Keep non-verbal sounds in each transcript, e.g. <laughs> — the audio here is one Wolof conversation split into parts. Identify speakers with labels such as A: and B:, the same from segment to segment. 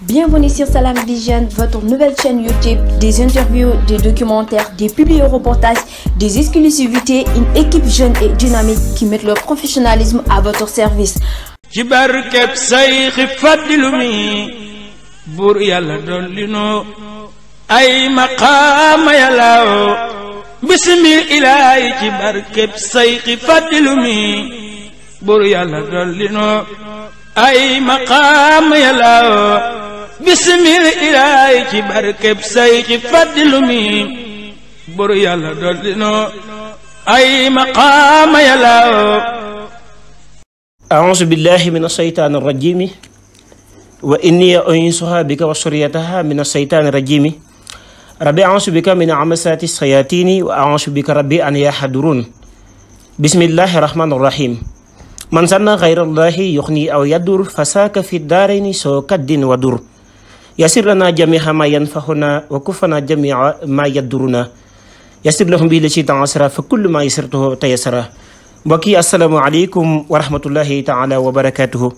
A: Bienvenue sur Salam Vision, votre nouvelle chaîne YouTube, des interviews, des documentaires, des publi-reportages, des exclusivités, une équipe jeune et dynamique qui met leur professionnalisme à votre service. ci barkeb sayxi mi buur yàlla dolli nu ay maqaama yàlla bismil ilaahi ci barkeb sayxi fàddilu mi buur yàlla dolli nu ay maqaam yàllaw bisimil ilaay ci barkeb say ci fàddilu mi buru yàlla dollino ay maqaam yàllaw
B: aousu billahi min asheytaan arrajimi wa inni unisuha bika wa suriyataha min asheytaan arrajimi rabbi aousu bika min amasati sayatini wa aousu bika rabbi an yaxadurun bismillahi rahmani rahim man sanna xayrallahi yuxni aw yadur fasaaka fi daarayni soo kaddin wa dur yasir lana jamiha ma yanfahuna wa kufana jamia ma yaduruna yasir lahum bi la ci taasara fa kullu ma yasirtuhu tayasara mbokk yi asalaamaaleykum wa rahmatullahi taala wa barakaatuhu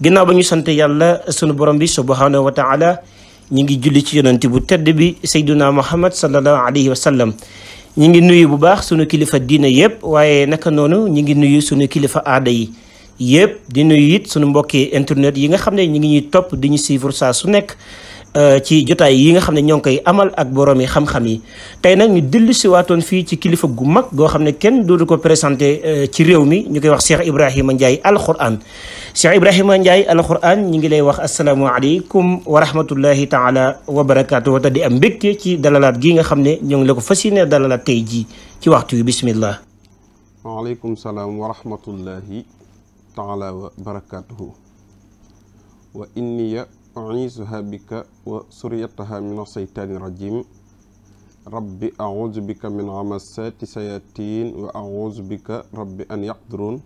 B: ginnaaw ba ñu sant yàlla sunu borom bi subhanahu wa taala ñu ngi julli ci yonent bu tedd bi sayduna muhammad sallallahu alayhi wa sallam ñu ngi nuyu bu baax sunu kilifa diine yëpp waaye naka noonu ñu ngi nuyu sunu kilifa aada yi yëpp di nuyu it sunu mbokki internet yi nga xam ne ñu ngi ñuy topp duñu ñu suivre su nekk Euh, ci jotaay yi nga xam ne ñoo ngi koy amal ak borom yi xam-xam yi tey nag ñu dellu si waatoon fii ci kilifa gu mag goo xam ne kenn dootu ko présenté euh, ci réew mi ñu koy wax Cheikh Ibrahima Ndiaye Al Quran Cheikh Ibrahima Ndiaye Al ñu ngi lay wax asalaamaaleykum wa rahmatullahi taala wa barakaatu te di am mbégte ci dalalaat gi nga xam ne ñoo ngi la ko fas yéene dalalaat tey jii ci waxtu wi bismillah.
C: waaleykum salaam wa rahmatullahi wa barakaatu u'iisuha bika wa suriyataha min asaytaani rajim rabbi a'uuzu bika min hamazaati sayaatiin wa a'uuzu bika rabbi an yaqduruun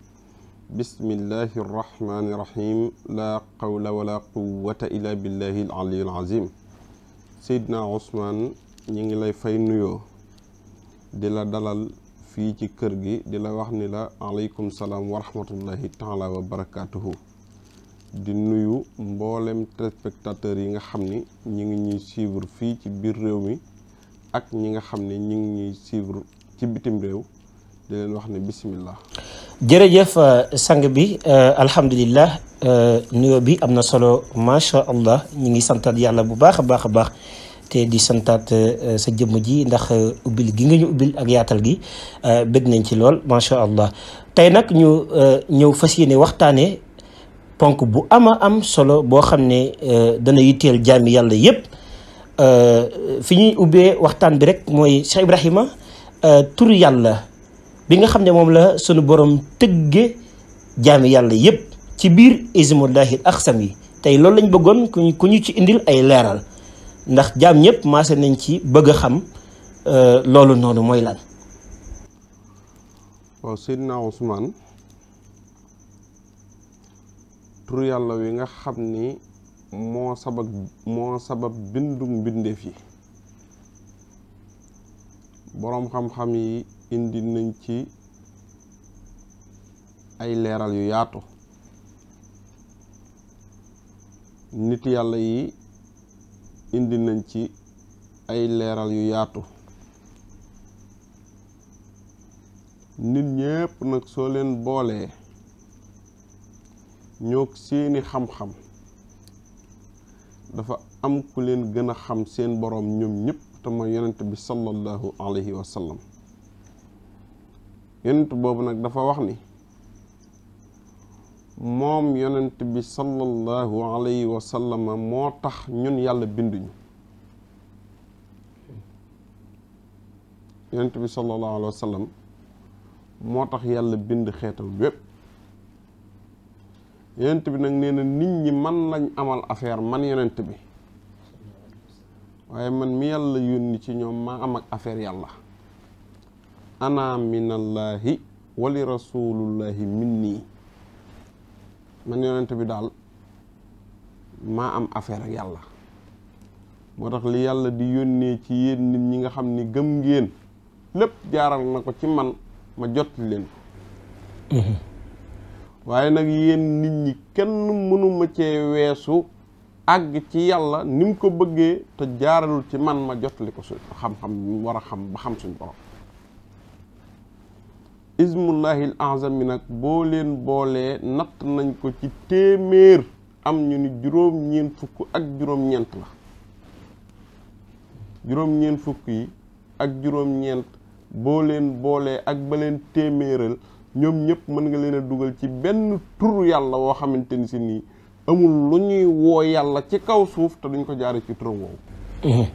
C: bismillahi arrahmaani irrahim laa qawla wala quwata illa billahi al aliyu al azim seydna Ousmane ñi ngi lay fay nuyoo di la dalal fii ci kër gi di la wax ni la aleykum salaam wa rahmatullahi taala wa barakatuhu di nuyu mboolem téléspectateurs yi nga xam ni ñi ngi ñuy suivre fii ci biir réew mi ak ñi nga xam ni ñi ngi ñuy suivre ci bitim réew di leen wax ne bisimilah.
B: jërëjëf euh, sang bi euh, alhamdulilah euh, nuyo bi am na solo macha allah ñi ngi santaat yàlla bu baax a baax a baax. te di santaat sa jëmm ji ndax ubbil gi nga ñu ubbil ak yaatal gi bëgg nañ ci lool macha allah tey nag ñu ñëw fas yéene waxtaanee ponk bu ama am solo boo xam ne euh, dana yitteel jaami yàlla yépp euh, fi ñuy ubbee waxtaan bi rek mooy Cheikh Ibrahima euh, tur yàlla bi nga xam ne moom la sunu borom tëgge jaami yàlla yépp ci biir ismullahil axsam yi tey loolu lañ bëggoon ku ñu ci indil ay leeral ndax jaam ñëpp maase nañ ci bëgg a xam loolu noonu mooy lan
C: yàlla wi nga xam ni moo sabab moo sabab bindum boroom xam-xam yi indi nañ ci ay leeral yu yaatu nit yàlla yi indi nañ ci ay leeral yu yaatu nit ñépp nag soo leen boolee ñoo seeni xam-xam dafa am ku leen gën a xam seen boroom ñoom ñëpp te mooy yonent bi sallallahu alayhi wa sallam yonent boobu nag dafa wax ni moom yonent bi sallallahu alayhi wa moo tax ñun yàlla binduñu yonent bi sallallahu alayhi wa moo tax yàlla bind xeetam wépp yonent bi nag nee na nit ñi man lañ amal affaire man yonent bi waaye man mi yàlla yónni ci ñoom maa am ak affaire yàlla ana minallaahi wali rasulullahi minni man yonent bi daal maa am affaire ak yàlla moo tax li yàlla di yónnee ci yéen nit ñi nga xam ni gëm ngeen lépp jaaral na ko ci man ma jot leen waaye nag yéen nit ñi kenn mënuma cee weesu àgg ci yàlla ni mu ko bëggee te jaaralul ci man ma jot li ko su xam-xam mu war a xam ba xam suñ borom ismullahi l azam nag boo boolee natt nañ ko ci téeméer am ñu ni juróom-ñeen fukk ak juróom-ñeent la juróom-ñeen fukk yi ak juróom-ñeent boo leen boolee ak ba leen téeméeral ñoom ñëpp mën nga leen a dugal ci benn turu yàlla woo xamante ni si nii amul lu ñuy woo yàlla ci kaw suuf te duñ ko jaare ci turam woowu mhm.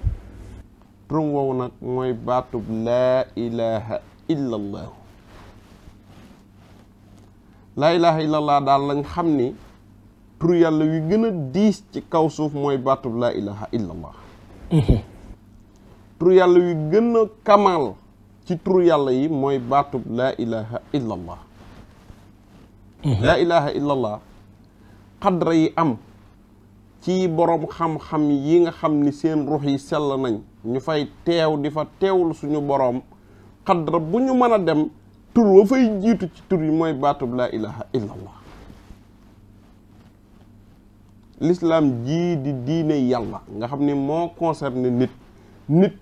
C: turam woowu nag mooy baatub laa ilaha illa laa ilaha illa daal lañ xam ni turu yàlla wi gën diis ci kaw suuf mooy baatub laa ilaha illa allah mhm. yàlla wi gëna a kamaal ci tur yàlla yi mooy baatub laa ilaha illa allah mhm. laa ilaha illa allah xadra yi am ci boroom xam-xam yi nga xam ni seen ruux yi sell nañ ñu fay teew di fa teewul suñu boroom xadra bu ñu mën a dem tur wa fay jiitu ci tur yi mooy baatub laa ilaha illa allah jii di diine yàlla nga xam ni moo concerné nit nit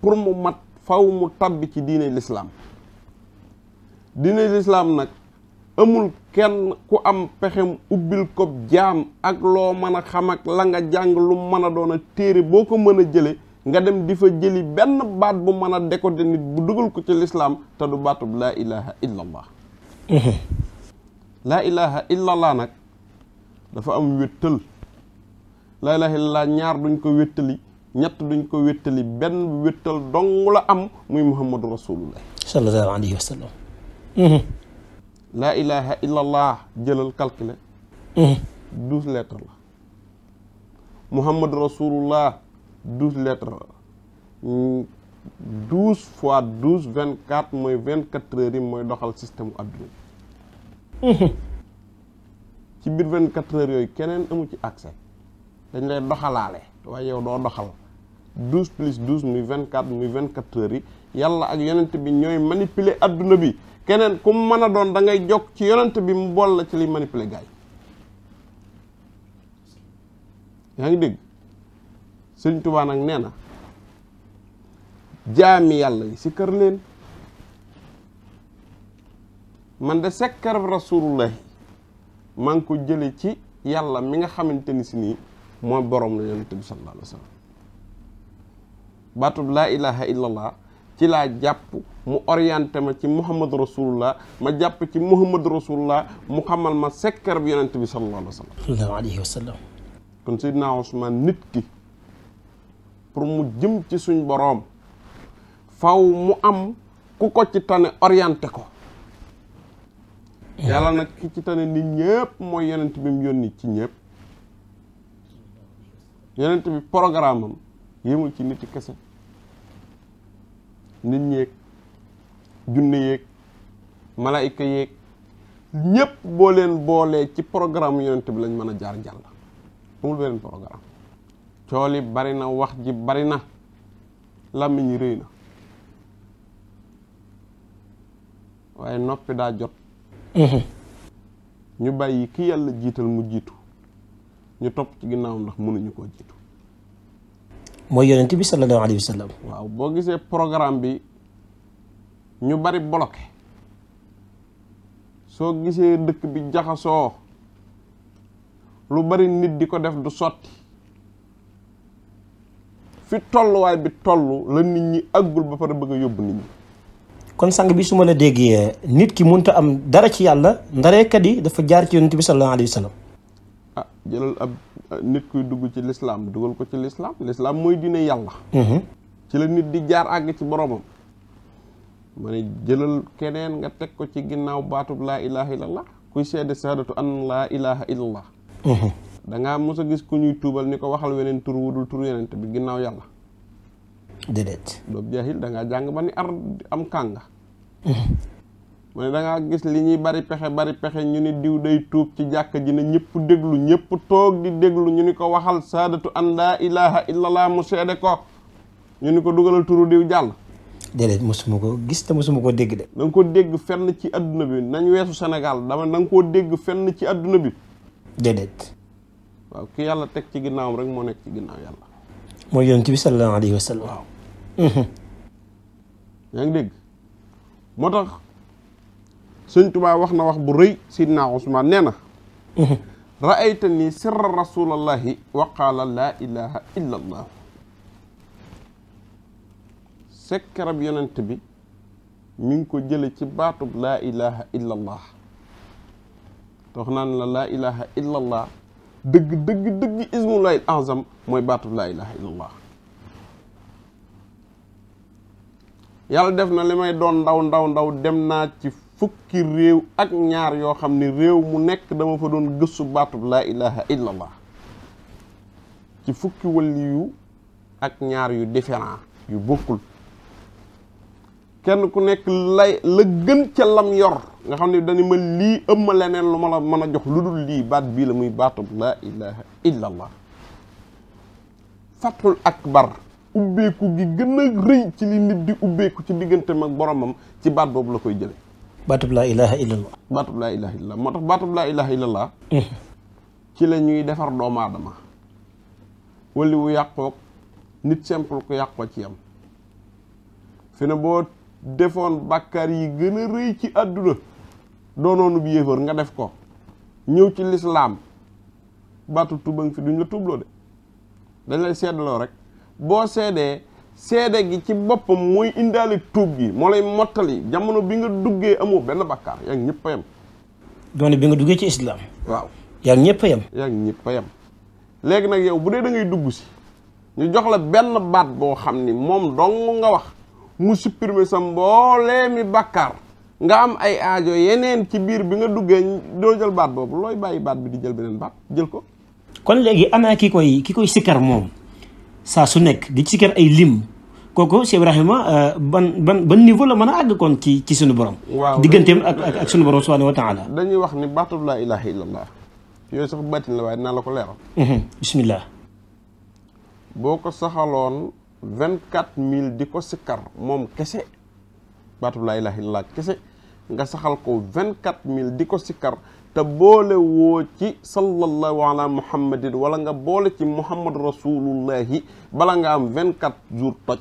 C: pour mu mat faw mu tabbi ci diine lislaam diine lislaam nag amul kenn ku am pexem ubbil ko jaam ak loo mën a xam ak la nga jàng lu mën a doon a téere boo ko mën a jële nga dem di fa jëli benn baat bu mën a décoder nit bu dugal ko ci lislaam te du baatub laa ilaha illallah laa ilaha nag dafa am wéttal laa ilaha illallah ñaar duñ ko wéttali ñett duñ ko wéttali benn wéttal dong la am muy muhammadu rasulullah sallallahu alayhi wa sallam mhm. laa ilaha illa allah jëlal calculé mhm. douze lettres la muhammadu rasulullah douze lettres la douze fois douze vingt quatre mooy vingt quatre heures mooy doxal système adduna bi mhm. ci biir vingt quatre heures yooyu keneen amu ci accès dañ lay doxalaale waaye yow doo doxal douze plus douze muy vingt quatre muy vingt quatre heures yi yàlla ak yonent bi ñooy manipuler adduna bi keneen ku mën a doon da ngay jokk ci yonent bi mu bool la ci liy manipuler gars yaa ngi dégg sëñ Tuubaa nag nee na jaami yàlla yi si kër leen man de sekkarab rasulullahi maa ngi ko jële ci yàlla mi nga xamante ni si nii mooy borom la yonent bi sallallahu alayhi baatub laa ilaha illallah ci laa jàpp mu orienté ma ci muhammad rasulullah ma jàpp ci muhammad rasulullah mu xamal ma sekkar bi yonent bi sallallahu alayhi wa sallam sallallahu alayhi wa sallam kon Seydina Ousmane nit ki pour mu jëm ci suñ boroom faw mu am ku ko ci tane orienté ko yàlla na ki ci tane nit ñëpp mooy yonent bi mu yónni ci ñëpp yonent bi programme yémul ci nit kese nit ñeeg junne yeeg malaayka yeeg ñëpp boo boole ci programme yonent bi lañ mën a jaar jàll amul beneen programme cooli bari na wax ji bari na làmmiñ yi rëy na waaye noppi daa jot mhm. ñu bàyyi ki yàlla jiital mu jiitu ñu topp ci ginnaaw ndax mënuñu koo jiitu
B: mooy yonent bi sallallahu alayhi wa sallam
C: waaw boo gisee programme bi ñu bari bloqué soo gisee dëkk bi jaxasoo lu bari nit di ko def du sotti fi tolluwaay bi tollu la nit ñi àggul ba pare bëgg a yóbbu
B: nit ñi. kon sang bi su ma la déggee nit ki mënut a am dara ci yàlla ndareekat yi dafa jaar ci yonent bi sallallahu alayhi wa
C: jëlal ab euh, nit kuy dugg ci lislaam dugal ko ci lislaam lislaam mooy diine yàlla mm-hmm. ci la nit di jaar àgg ci boromam ma ne jëlal keneen nga teg ko ci ginnaaw baatub laa ilaha illallah kuy seede sahadatu an laa ilaha illallah mm-hmm. da mos a gis ku ñuy tuubal ni ko waxal weneen tur wudul tur yenente bi ginnaaw yàlla déedéet doobu jaahil da jàng ba ni ar am kànga mm-hmm. mu ne da ngaa gis li ñuy bari pexe bari pexe ñu ni diw day tuub ci jàkk ji ne ñëpp déglu ñëpp toog di déglu ñu ni ko waxal saadatu an laa ilaha illallah mu seede ko ñu ni ko dugalal turu diw jàll
B: déedéet mosuma ko gis te mosuma ko dégg
C: de ko dégg fenn ci adduna bi nañ weesu Sénégal dama da koo dégg fenn ci adduna bi déedéet waaw ki yàlla teg ci ginnaawam rek moo nekk ci ginnaaw yàlla
B: mooy yonent bi sallallahu alayhi
C: wa dégg moo tax sëñ wax na wax bu rëy sidna Usmaan nee na <laughs> raayta ni sirra rasulallahi wa qaala laa ilaha illa allah sekkarab yonent bi mi ngi ko jële ci baatub laa ilaha illa allah tax naan la laa ilaha illa dëgg dëgg dëgg ismullahil azam mooy baatub laa ilaha illa allah def na li may doon ndaw ndaw ndaw dem naa ci fukki réew ak ñaar yoo xam ne réew mu nekk dama fa doon gësu baatub laa ilaha illallah ci fukki wali yu ak ñaar yu différent yu bokkul kenn ku nekk lay la gën ca lam yor nga xam ne dañu ma lii ëmb ma leneen lu ma la mën a jox lu dul lii baat bii la muy baatub laa ilaha illallah fathul akbar ubbeeku gi gën a rëy ci li nit di ubbeeku ci digganteem ak boromam ci baat boobu la koy jële baatub laa ilaha illallah baatub laa ilaha illallah moo tax baatub laa ilaha illallah ci la ñuy defar doomu aadama wali wu yàqoog nit simple ku yàqoo ci yam fi ne boo defoon bàkkaar yi gën a rëy ci àdduna doonoonu bi yéefar nga def ko ñëw ci lislaam baatub tuba nga fi duñ la tuubloo de dañ lay seddaloo rek boo seedee seede gi ci boppam mooy indaale tuub gi moo lay mottali jamono bi nga duggee amoo benn bakkaar yaa ñëpp a yem. doone bi nga duggee ci islam. waaw yaa ngi ñëpp yem. yaa yem léegi nag yow bu dee da ngay dugg si ñu jox la benn baat boo xam ni moom dong nga wax mu supprimer sa mbooleemi bàkkaar nga am ay ajo yeneen ci biir bi nga duggee doo jël baat boobu looy bàyyi baat bi di jël beneen baat jël ko.
B: kon léegi ana ki koy ki koy sikkar moom. saa su nekk di ci kër ay lim kooku Cheikh Ibrahima euh, ban ban ban niveau la mën a àgg kon ci ci sunu borom.
C: waaw digganteem ak ak sunu borom subhanahu wa dañuy wax ni baatub laa ilaaha illallah yooyu sax baatin la waaye dinaa la ko leeral. Mhm, bismillah. boo ko saxaloon vingt quatre mille di ko sikkar moom kese baatub laa ilaaha kese nga saxal ko vingt quatre mille di ko sikkar. te boole woo ci sallallahu ala muhammadin wala nga boole ci muhammad rasulullahi bala nga am vingt quatre jours toj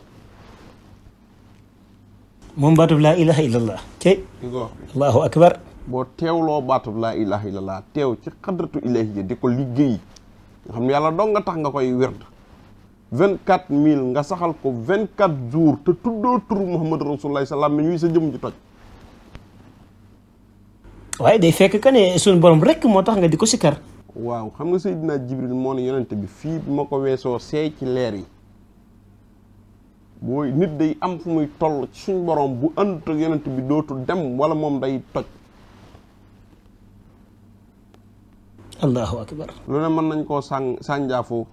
B: moom baatub laa ilaha illallah
C: ci allahu akbar boo teewloo baatub laa ilaha illallah teew ci xadratu ilahiya di ko liggéey nga xam ne yàlla dong nga tax nga koy werd vingt quatre mille nga saxal ko vingt quatre jours te tuddoo tur muhammad rasulullahi salaam mi ñuy sa jëm ci toj waaye day
B: fekk que ne suñu borom rekk moo tax nga di ko si sikkar
C: waaw xam nga Seydina Jibril moo ne yonent bi fii bi ma ko weesoo seey ci leer yi booy nit day am fu muy toll ci suñu borom bu àndut ak bi dootul dem wala moom day toj
B: allahu akbar
C: lu ne mën nañ koo sàn sànjaafoo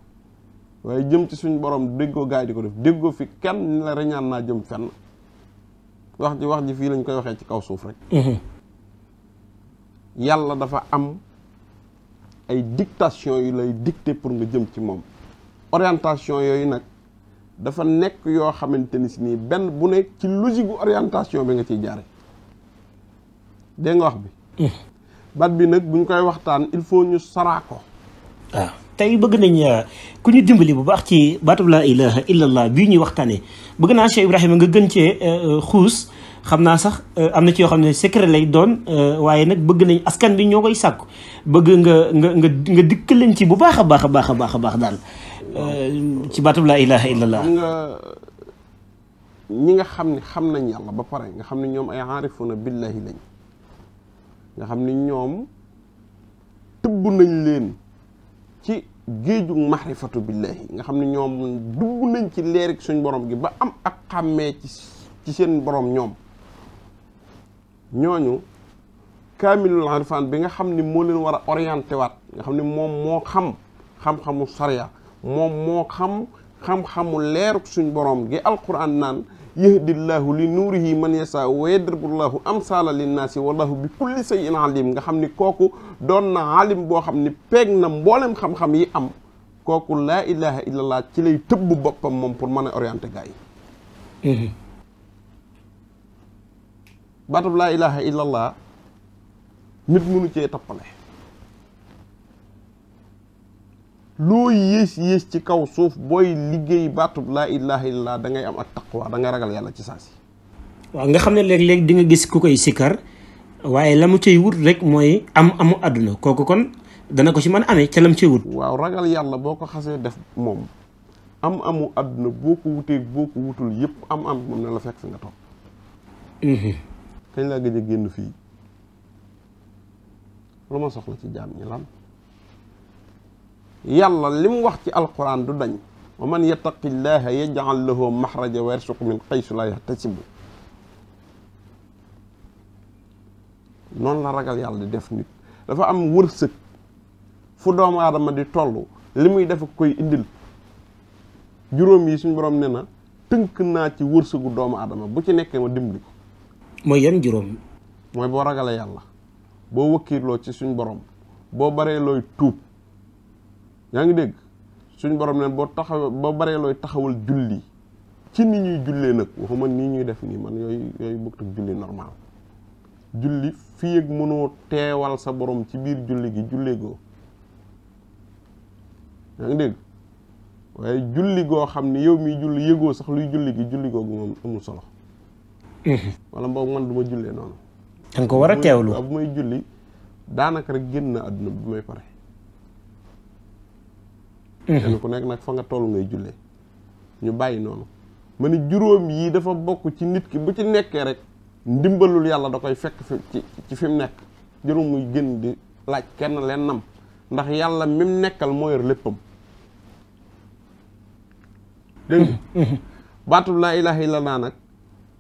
C: waaye jëm ci suñu borom déggoo gaay di ko def déggoo fi kenn ni la reñaan naa jëm fenn wax ji wax ji fii lañ koy waxee ci kaw suuf rek mhm. yàlla dafa am ay dictation yu lay dicté pour nga jëm ci moom orientation yooyu nag dafa nekk yoo xamante ni si nii benn bu nekk ci logique gu orientation bi nga ciy jaare dégg nga wax bi hmm. bat bi nag buñ koy waxtaan il faut ñu saraako ko waaw ah. tey bëgg nañ euh, ku ñu dimbali
B: bu baax ci baatub laa ilaha illallah bii ñuy waxtaanee bëgg naa Cheikh Ibrahima nga gën cee euh, xuus xam naa sax euh, am na ci yoo xam ne secret lay doon euh, waaye nag bëgg nañ askan bi ñoo koy sàkku bëgg nga nga nga dikk leen ci bu baax a baax a a baax a baax daal
C: euh, ci baatab laa ilaha illallah nga ñi nga xam ne xam nañ yàlla ba pare nga xam ne ñoom ay aarifuna billahi lañ nga xam ne ñoom tëbb nañ leen ci géeju maxrifatu billahi nga xam ne ñoom dugg nañ ci leerik suñ borom gi ba am ak xàmmee ci ci seen borom ñoom ñooñu kaamilul arfaan bi nga xam ni moo leen war a orienté waat nga xam ni moom moo xam xam-xamu sariya moom moo xam xam-xamu leeru suñ borom gi alquran naan yahdillahu li nuurihi man yasaa wa yadribullaahu amsaala linnaasi wallahu bi kulli shay'in alim nga xam ni kooku doon na alim boo xam ni peeg na mboolem xam-xam yi am kooku laa ilaha illallah ci lay tëbb boppam moom pour mën a orienté gars baatub laa ilaha illallah nit mënu cee toppale loo yées yées ci kaw suuf booy liggéey baatub laa ilaha illallah da ngay am ak taqwa da nga ragal yàlla ci saa si
B: waaw nga xam ne léeg-léeg di nga gis ku koy sikkar waaye la mu cay wut rek mooy am amu
C: àdduna kooku kon dana ko ci mën amee ca lam cay wut waaw ragal yàlla boo ko xasee def moom am amu àdduna boo ko wutee boo ko wutul yëpp am am moom ne la fekk fi nga toog mhm. kañ laa gëj génn fii lu ma soxla ci jaam ñi yàlla li mu wax ci alquraan du dañ wa man yattaqillaha yaj'al lahu maxraja wa yarsuqu min xaysu la yaxtasibu noonu la ragal yàlla di def nit dafa am wërsëg fu doomu aadama di toll li muy def koy indil juróom yi suñ borom ne na tënk naa ci wërsëgu doomu aadama bu ci nekkee ma dimbali ko mooy yan juróom mooy boo ragalee yàlla boo wëkkiirloo ci suñ borom boo baree looy tuub yaa ngi dégg suñ borom neen boo taxaw boo baree looy taxawal julli ci ni ñuy jullee nag waxuma nii ñuy def nii man yooyu yooyu bokk ak julli normal julli fii ak mënoo teewal sa borom ci biir julli gi julli goo yaa ngi dégg waaye julli goo xam ne yow miy julli yëgoo sax luy julli gi julli googu moom amul solo Mm-hmm. wala boobu man du jullee noonu.
D: da ko war a teewlu
C: bu may julli daanaka rek génn na àdduna bu may pare. Mm-hmm. kenn ku nekk nag fa nga toll ngay jullee ñu bàyyi noonu. ma ni juróom yii dafa bokk ci nit ki bu ci nekkee rek ndimbalul yàlla da koy fekk fi ci ci fi mu nekk juróom muy génn di laaj kenn leen nam ndax yàlla mi mu nekkal moo yor léppam. dégg mm-hmm. baatu laa ilaaha illa naa nag.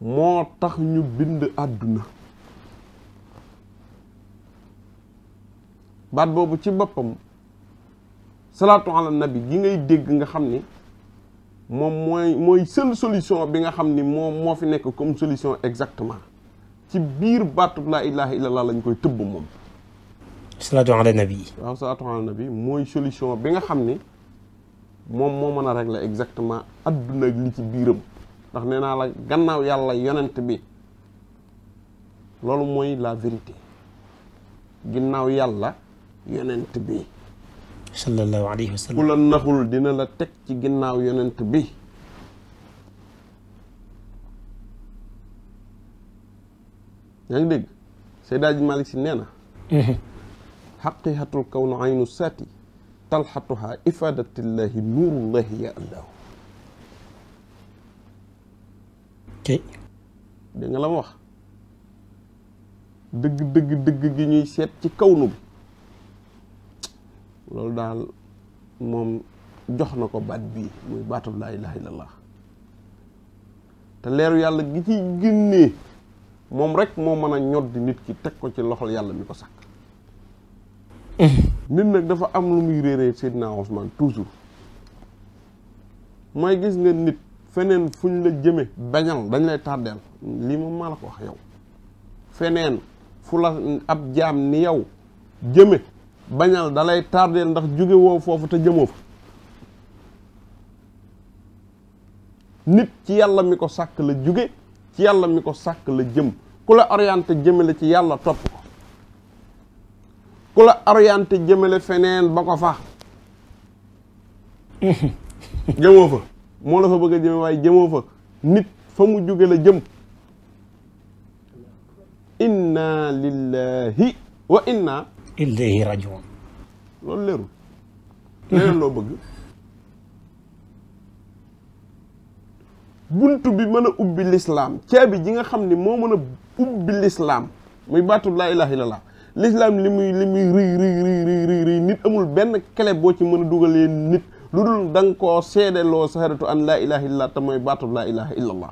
C: moo tax ñu bind àdduna baat boobu ci boppam salaatu na bi gi ngay dégg nga xam ni moom mooy mooy seule solution bi nga xam ni moom moo fi nekk comme solution exactement ci biir baatub laa ilaha illallah lañu koy tëbb moom salaatu na nabi waaw salaatu ala nabi mooy solution bi nga xam ni moom moo mën a régler exactement adduna ak li ci biiram ndax nee naa la gannaaw yàlla yonent bi loolu mooy la vérité ginnaaw yàlla yonent bi
B: sallallahu alayhi wa sallam ku la naxul
C: dina la teg ci ginnaaw yonent bi yaa ngi dégg Seydi Aji Malik Si nee na xaqiqatul kawn aynu saati talxatuha ifadatillahi nuurullahi ya allahu ok dégg nga la ma wax dëgg dëgg dëgg gi ñuy seet ci kaw nu bi loolu daal moom jox na ko baat bii muy baatub laa ilaha illallah te leeru yàlla gi ciy génnee moom rek moo mën a ñoddi nit ki teg ko ci loxol yàlla mi ko sàkk mm-hmm. nit nag dafa am lu muy réeree Seydina Ousmane toujours mooy gis nga nit feneen fu ñu la jëmee bañal dañ lay tardeel lii moom maa la ko wax yow feneen fu la ab jaam ni yow jëme bañal dalay lay ndax jóge woo foofu te jëmoo fa nit ci yàlla mi ko sàkk la jóge ci yàlla mi ko sàkk la jëm ku la orienté jëmale ci yàlla topp ko ku la orienté jëmale feneen ba ko fa <laughs> jëmoo fa moo la fa bëgg a jëme waaye jëmoo fa nit fa mu jóge la jëm inna lillahi wa inna ilayhi rajiun loolu leerul leneen loo bëgg buntu bi mën a ubbi lislaam caabi ji nga xam ne moo mën a ubbi lislaam muy laa lislaam li muy li muy rëy rëy rëy rëy nit amul benn clé boo ci mën a dugalee nit lu dul da nga koo seedeloo saharatu an laa ilaha illallah te mooy baatub laa ilaha illallah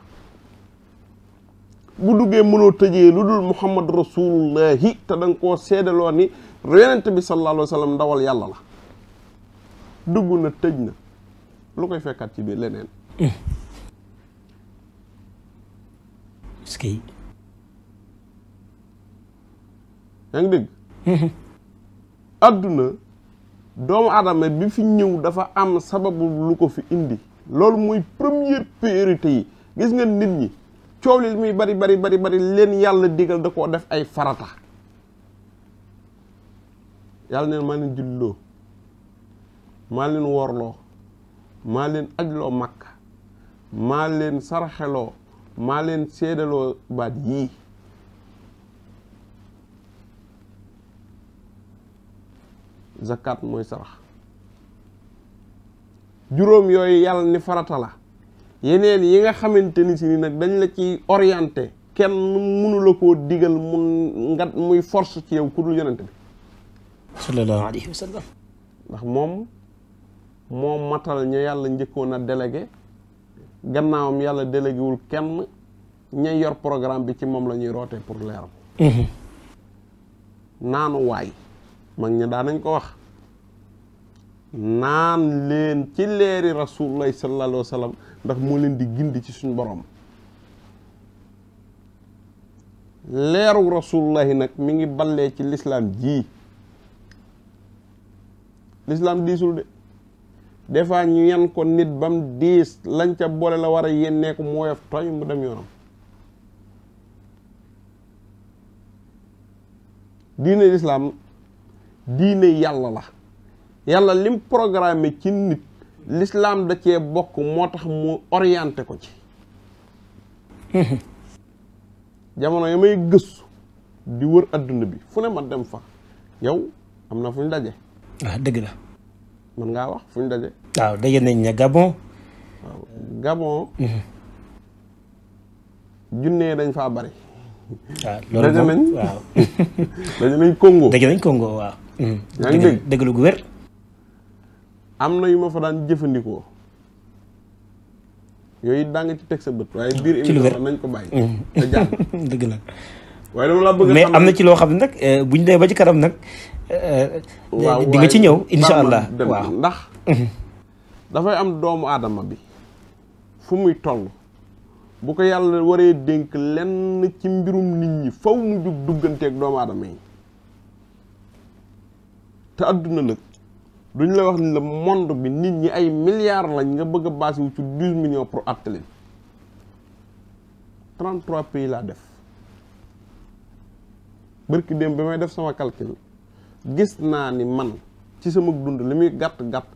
C: bu duggee mënoo tëjee lu dul muhammad rasulullahi te da nga koo seedeloo ni yonent bi sallallahu alayhi wa ndawal yàlla la dugg na tëj na lu koy fekkaat ci biir leneen est-ce que yaa ngi dégg adduna <laughs> doomu aadama bi fi ñëw dafa am sababu lu ko fi indi loolu muy première priorité yi gis nga nit ñi coow li muy bari bari bari bari leen yàlla digal da koo def ay farata yàlla neen maa leen julloo maa leen woorloo maa leen ajloo makka maa leen saraxeloo maa leen seedaloo baat yii zakat mooy sarax juróom yooyu yàlla ni farata la yeneen yi nga xamante ni si ni nag dañ la ci orienté kenn mënu la koo digal mun ngat muy force ci yow ku dul yonent bi
B: sallallahu alayhi
C: ndax moom moom matal ña yàlla njëkkoon a délégué gannaawam yàlla délégué kenn ña yor programme bi ci moom la ñuy rootee pour leeral mhm. naanu waay mag ña daan nañ ko wax naan leen ci leeri rasulullah sallallahu alayhi wa sallam ndax moo leen di gindi ci suñu boroom leeru rasulullah nag mi ngi ballee ci lislaam ji lislaam diisul de des fois ñu yan ko nit bam diis lañ ca boole la war a yennee ko mu woyof tooy mu dem yoonam diine lislaam diine yàlla la yàlla lim programme ci nit l'islam da cee bokk moo tax mu orienté ko ci <laughs> jamono yi may gëstu di wër adduna bi fu ne ma dem fa yow am na fuñ ñu daje waaw ah, mën ngaa wax fu ñu daje
B: nañ ne Gabon
C: waaw Gabon mhm. junnee dañ faa bari waaw ah, loolu daje nañ waaw <laughs> daje nañ Congo daje nañ Congo waaw yaa ngi dégg dëgg lu gu wér. am na daan jëfandikoo yooyu daa nga ci teg sa bët. waaye biir émission nañ ko bàyyi. Mm. te
B: <laughs>
C: waaye dama am na ci
B: loo xam nag euh, bu ñu demee ba ci kanam nag.
C: Euh, waaw di ci ñëw incha allah waaw ndax. Mm-hmm. dafay am doomu aadama bi fu muy toll bu ko yàlla waree dénk lenn ci mbirum nit ñi faw mu jug dugganteeg doomu aadama yi. te adduna nag duñ lay wax ni la monde bi nit ñi ay milliards lañ nga bëgg a basé wu ci douze millions pour àtte leen trente trois pays laa def bërki démb bi may def sama calcul gis naa ni man ci sama dund li muy gàtt gàtt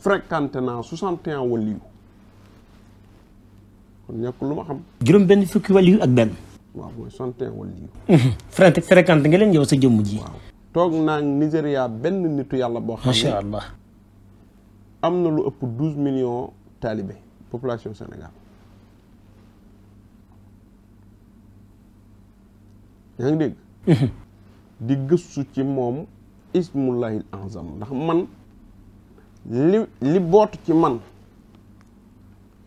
C: fréquenté naa soixante et un kon ñàkk lu ma xam.
B: juróom benn fukki waliyu ak benn.
C: waaw mooy soixante et un waliyu.
B: fréquenté nga leen yow sa jëmm ji. waaw.
C: toog naa Nigéria benn nitu yàlla boo xam ne am na lu ëpp douze millions taalibe population Sénégal dégg <laughs> di gëstu ci moom ismullahil azam ndax man li li bootu ci man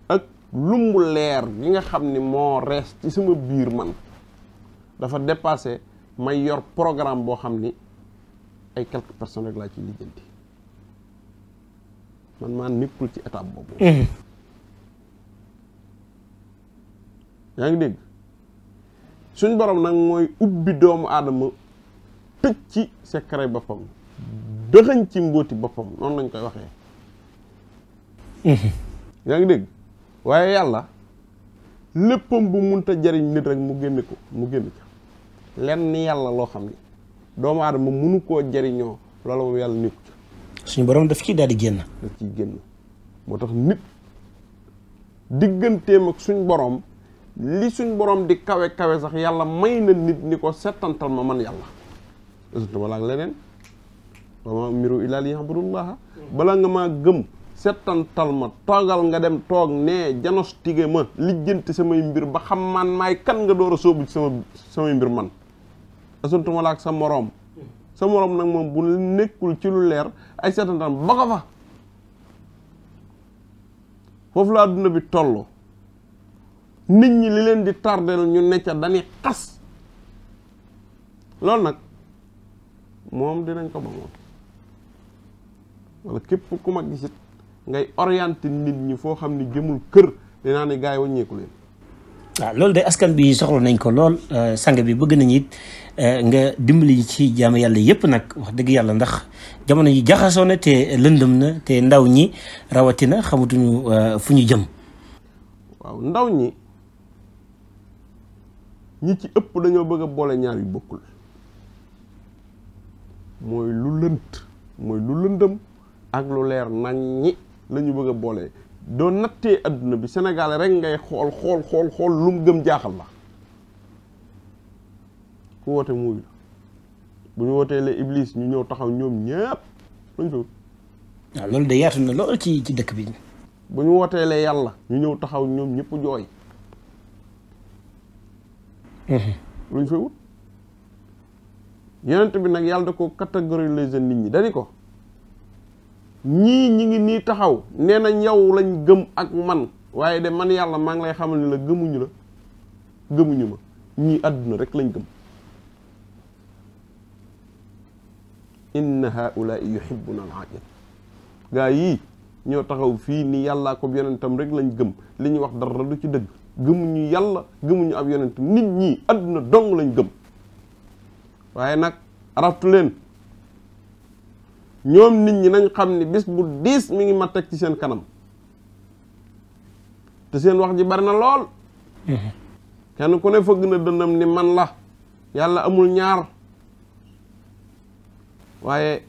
C: ak lumbu leer gi nga xam ni moo rees ci sama biir man dafa dépassé may yor programme boo xam ni ay quelques personnes rek laa ciy lijjanti man maa nekkul ci étape boobu. Mhm. yaa ngi dégg suñ borom nag mooy ubbi doomu aadama tëj ci secret boppam dëxëñ ci mbóoti boppam noonu lañ koy waxee. Mhm. yaa ngi dégg waaye yàlla léppam bu munta jariñ nit rek mu génn ko mu génn ko lenn yàlla loo xam ne. doomu aadama munu koo jariñoo loolu moom yàlla nekku ci suñu borom daf ciy daal di génn daf ciy génn moo tax nit digganteem ak suñ borom li suñ borom di kawe kawe sax yàlla may na nit ni ko settantal ma man yàlla ësutuma laak leneen wama miru ilaa liya'budullaha bala nga maa gëm settantal ma toogal nga dem toog nee diagnostiqué ma lijjanti samay mbir ba xam man maay kan nga door a sóobu ci samay mbir man asuntuma sa moroom sa moroom nag moom bu nekkul ci lu leer ay seetantaan ba ko fa foofu la adduna bi toll nit ñi li leen di tardeel ñu ne ca xas loolu nag moom dinañ ko ba moom wala képp ku ma gisit ngay orienté nit ñi foo xam ni jëmul kër dinaa ne gars yi wàññeeku leen
B: waaw loolu de askan bi soxla nañ ko lool euh, sang bi bëgg nañu it euh, nga dimbali ci jaamu yàlla yëpp nag wax dëgg yàlla ndax jamono yi jaxasoo na te lëndëm na te ndaw ñi rawatina xamatuñu
C: euh, fu ñu jëm. waaw ndaw ñi ñi ci ëpp lañoo bëgg a boole ñaar yu bokkul mooy lu lënt mooy lu lëndëm ak lu leer nañ ñi bëgg a boole doo nattee àdduna bi Sénégal rek ngay xool xool xool xool lu mu gëm jaaxal la ku woote muy la bu ñu wootee la Iblis ñu ñëw taxaw ñoom ñëpp luñ loolu de yaatu lool ci ci dëkk bi bu ñu wootee yàlla ñu ñëw taxaw ñoom ñëpp jooy mhm. luñ fi wut yenent bi nag yàlla da ko catégoriser nit ñi dani ko ñii ñi ngi nii taxaw nee nañ yow lañ gëm ak man waaye de man yàlla maa ngi lay xamal ni la gëmuñu la gëmuñu ma ñii àdduna rek lañ gëm inna haulaai yuhibbuna al-ajil gaa yii ñoo taxaw fii ni yàllaa ko yonentam rek lañ gëm li ñuy wax dara du ci dëgg gëmuñu yàlla gëmuñu ab yonentam nit ñi àdduna dong lañ gëm waaye nag araftu leen ñoom nit ñi nañ xam ni bis bu diis mi ngi ma teg ci seen kanam te seen wax ji bari na lool kenn ku ne fëgg na dëndam ni man la yàlla amul ñaar waaye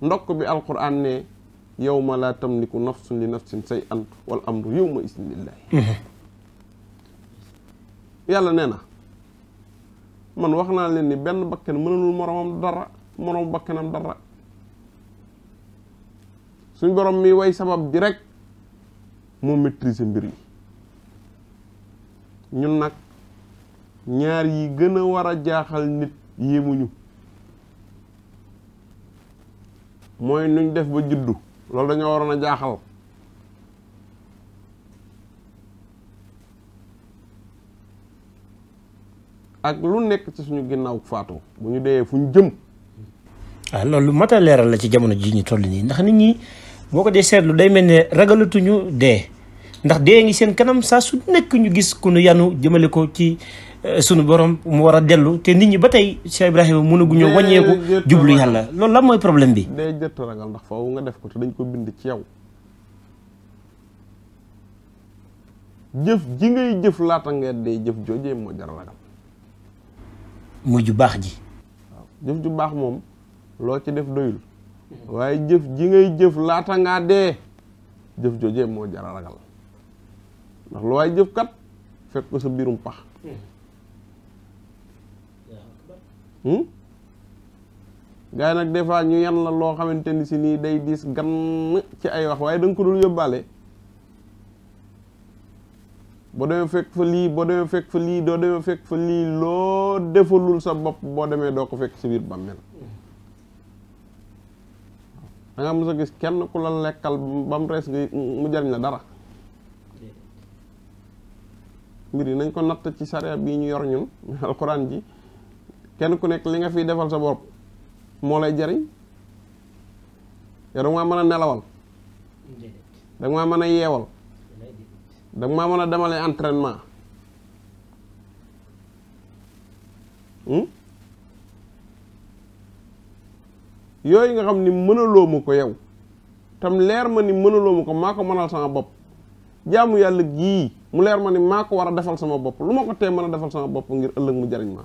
C: ndokk bi alquran ne ma laa tamliku nafsun li nafsin say an wal am yawma isin lillahi yàlla nee na man wax naa leen ni benn bakkan mënalul moromam dara moroom bakkanam dara suñ borom mi woy sabab bi rek moo maîtriser mbir yi ñun nag ñaar yi gën a war a jaaxal nit yéemuñu mooy nuñ def ba juddu loolu dañoo waroon a jaaxal ak lu nekk ci suñu ginnaaw faatu bu ñu dee fu ñu jëm.
B: waaw loolu lu mat a leeral la ci jamono ji ñu toll nii ndax nit ñi. boo ko dee seetlu day mel ne ragalatuñu dee ndax dee ngi seen kanam saa su nekk ñu gis ku nu yanu jëmale ko ci euh, sunu borom mu war a dellu te nit ñi ba tey Cheikh Ibrahima mënaguñoo wàññeeku jublu yàlla loolu lan mooy problème bi
C: dee jëtt ragal ndax faaw nga def ko te dañ ko bind ci yow jëf ji ngay jëf laata nga dee jëf joojee ju baax ji waaw jëf ju baax moom loo ci def doyul waaye jëf ji ngay jëf laata ngaa dee jëf joojee moo jar a ragal ndax lu waay jëf kat fekk ko sa biirum pax hmm? gaa yi nag des ñu yan la loo xamante ni si nii day diis gann ci ay wax waaye da ko dul yóbbaale boo demee fekk fa lii boo demee fekk fa lii doo demee fekk fa lii loo defalul sa bopp boo demee doo ko fekk si biir bàmmeel da nga mës a gis kenn ku la lekkal ba mu rees nga mu jariñ la dara mbir yi nañ ko natt ci sariya bii ñu yor ñun <laughs> alxuraan ji kenn ku nekk li nga fi defal sa bopp moo lay jariñ yow danga maa mën a nelawal danga ma mën a yeewal danga ma mën a demale entraînement hmm? yooyu nga xam ni mënaloo ma ko yow tam leer ma ni mënaloo ma ko maa ko mënal sama bopp jaamu yàlla gii mu leer ma ni maa ko war a defal sama bopp lu ma ko tee mën a defal sama bopp ngir ëllëg mu jariñ ma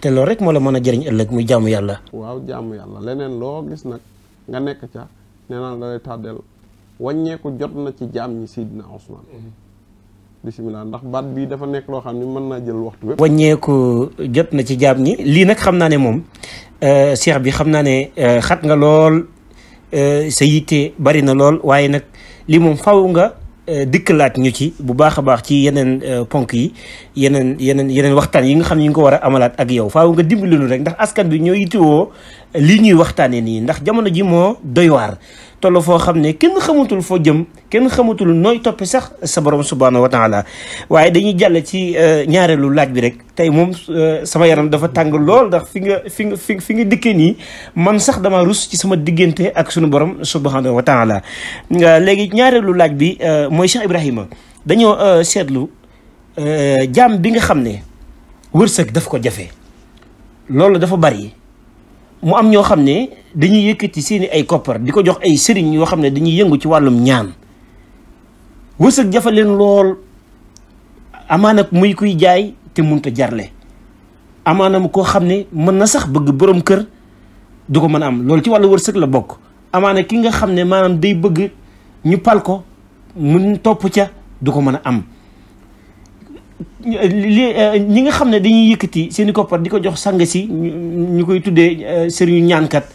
B: te loolu rek moo la mën a jëriñ ëllëg muy jaamu yàlla
C: waaw jaamu yàlla leneen loo gis nag nga nekk ca nee naa tàddeel wàññeeku jot na ci jaam ñi Seydina Ousmane mm-hmm. bisimilah ndax baat bii dafa nekk loo xam ne mën naa jël waxtu wépp
B: waññeeku jot na ci jaam ñi lii nag xam naa ne moom seex euh, bi xam naa ne euh, xat nga lool euh, sa yitte bari na lool waaye nag lii moom faw nga dikkalaat ñu ci bu baax a baax ci yeneen ponk yi yeneen yeneen yeneen waxtaan yi nga xam ne ñu ngi ko war a amalaat ak yow faaw nga dimbali rek ndax askan bi ñoo yittewoo lii ñuy waxtaanee nii ndax jamono ji moo doy toll foo xam ne kenn xamatul foo jëm kenn xamatul nooy toppi sax sa borom subhaanahu wa taala waaye dañuy jàll ci euh, ñaareelu laaj bi rek tey moom euh, sama yaram dafa tàng lool ndax fi nga fi nga fi nga dikkee nii man sax dama rus ci sama diggante ak sunu borom subhaanahu wa taala léegi ñaareelu laaj bi euh, mooy Cheikh Ibrahima dañoo seetlu jaam bi nga xam ne wërsëg daf ko jafe loolu dafa bari mu am ñoo xam ne dañuy yëkkati seeni ay koppar di ko jox ay sëriñ yoo xam ne dañuy yëngu ci wàllum ñaan wërsëg jafe lool amaana muy kuy jaay te munta jarle amaana mu koo xam ne mën na sax bëgg borom kër du ko mën a am loolu ci wàllu wërsëg la bokk amaana ki nga xam ne maanaam day bëgg ñu pal ko mun topp ca du ko mën a am li eh, ñi nga xam ne dañuy yëkkati seeni i koppar di ko jox sang si ñu koy tuddee eh, sëriñu ñaankat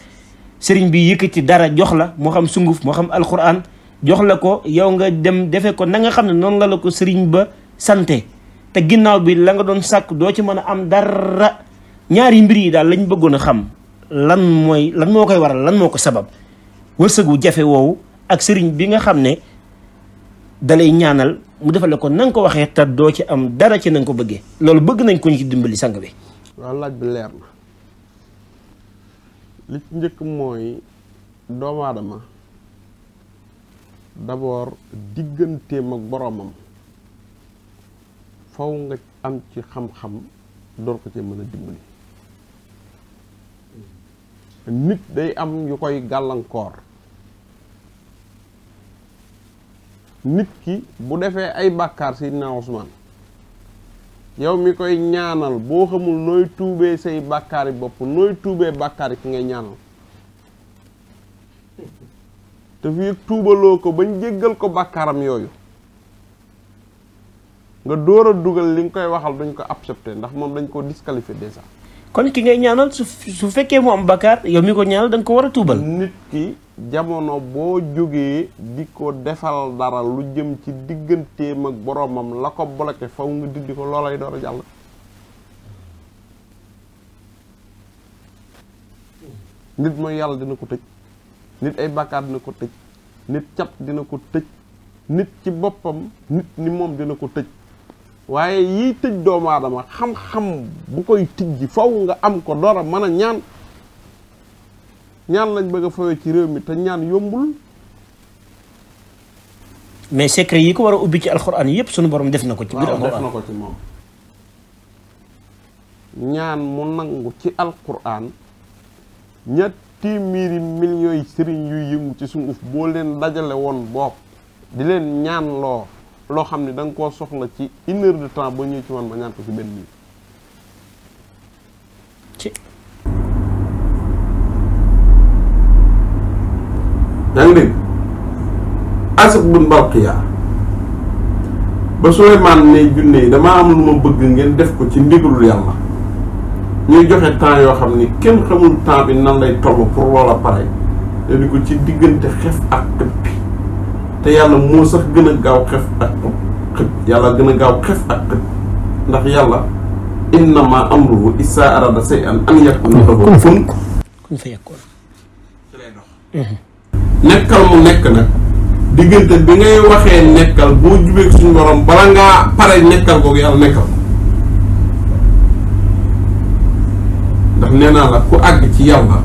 B: sëriñ bi yëkkati dara jox la moo xam sunguf moo xam alquran jox la ko yow nga dem defe ko na nga xam ne noonu la la ko sëriñ ba sante te ginnaaw bi la nga doon sàkk doo ci mën a am dara ñaari mbir yi daal lañ bëggoon a xam lan mooy lan moo koy waral lan moo ko sabab wërsëgu jafe woowu ak sëriñ bi nga xam ne dalay ñaanal mu defal ko na ko waxee te doo ci am dara ci na ko bëggee loolu bëgg nañ ko ñu ci dimbali sang bi
C: waaw laaj bi leer na li ci njëkk mooy doomu aadama d'abord digganteem ak boroomam faw nga am ci xam-xam door ko ci mën a dimbali nit day am yu koy gàllankoor nit ki bu defee ay bàkkaar Seydina Ousmane yow mi koy ñaanal boo xamul nooy tuubee say bàkkaari bopp nooy tuubee bàkkaar ki ngay ñaanal te fii tuubaloo ko bañ jéggal ko bàkkaaram yooyu nga door a dugal li nga koy waxal dañ ko accepté ndax moom dañ ko disqualifié déjà kon ki ngay ñaanal su su fekkee mu am bakkaar yow mi ko ñaanal da ko war a tuubal. nit ki jamono boo jógee di ko defal dara lu jëm ci digganteem ak boromam la ko bloqué faw nga dindi ko loolay door a jàll. nit mooy yàlla dina ko tëj nit ay bakkaar dina ko tëj nit cat dina ko tëj nit ci boppam nit ni moom dina ko tëj. waaye yiy tëj doomu aadama xam-xam bu koy tijji faw nga am ko door a mën a ñaan ñaan lañ bëgg a fawee ci réew mi te ñaan yombul
B: mais secret yi ko war a ubbi ci alxuraan yëpp sunu borom def na ko ci biir alxuraan def na ko ci moom
C: ñaan mu nangu ci alxuraan ñett téeméeri millions yi sëriñ yuy yëngu ci sunguf boo leen dajale woon bopp di leen ñaan loo loo xam ne danga ko koo soxla ci une heure de temps ba ñëw ci man ma ñaan ko ci benn minute. ci. yaa ngi dégg asib bun barqiya ne junne dama damaa am lu ma bëgg ngeen def ko ci ndigalul yàlla ñuy joxe temps yoo xam ni kenn xamul temps bi nan lay toll pour loola pare te di ko ci diggante xef ak tëb te yàlla moo sax gën a gaaw xef ak xët yàlla gën a gaaw xef ak xët ndax yàlla innama amruhu isaa arada shay'an an yakuna lahu kun
B: fa yakun ci
C: mhm. nekkal mu nekk nag diggante bi ngay waxee nekkal boo jubee suñu borom bala ngaa pare nekkal googu yàlla nekkal ndax nee naa la ku àgg ci yàlla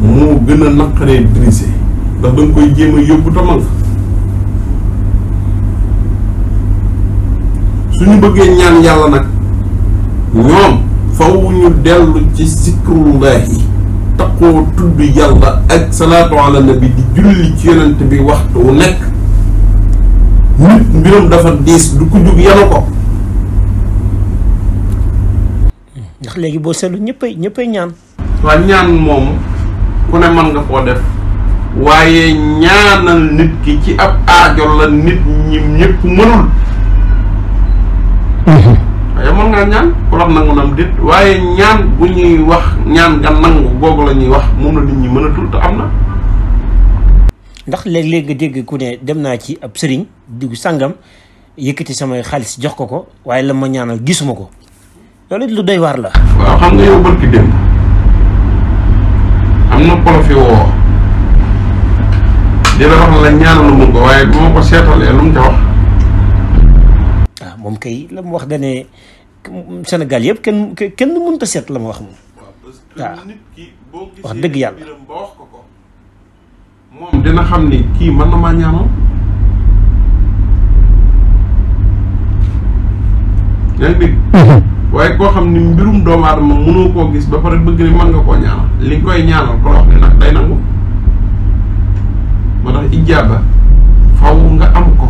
C: moo gën a naqaree drisé ndax da koy jéem a yóbbu tamal fa suñu bëggee ñaan yàlla nag ñoom faw ñu dellu ci sikrullahi taqoo tudd yàlla ak salaatu ala nabi di julli ci yonent bi waxtu wu nekk nit mbiram dafa diis du ko jug yanu ko ndax léegi boo selu ñëppay ñëppay ñaan waa ñaan moom ku ne mën nga koo def waaye ñaanal nit ki ci ab aajo la nit ñi ñëpp mënul waaye mën ngaa ñaan ku wax nangu nam dit waaye ñaan bu ñuy wax ñaan nga nangu googu la ñuy wax moom la nit ñi mën a tul te am na
B: ndax léeg-léeg nga dégg ku ne dem naa ci ab sëriñ diggu sàngam yëkkati samay xaalis jox ko ko waaye la ma
C: ñaanal gisuma
B: ko loolu it lu doy waar la
C: waaw xam nga yow barki dem am na profit woo di la wax la ñaanaluma ko waaye bu ko seetalee lu mu
B: moom kay la mu wax dane Sénégal yëpp kenn kenn mënut a seet la ma wax moom
D: waaw
C: wax dëgg yàlla moom dina xam ni kii mën na maa ñaanal yaa ngi mhm. waaye koo xam ni mbirum doomu aadama mënoo koo gis ba pare bëgg ni mën nga koo ñaanal li koy ñaanal ko wax ne nag day nangu moo tax ijaaba faw nga am ko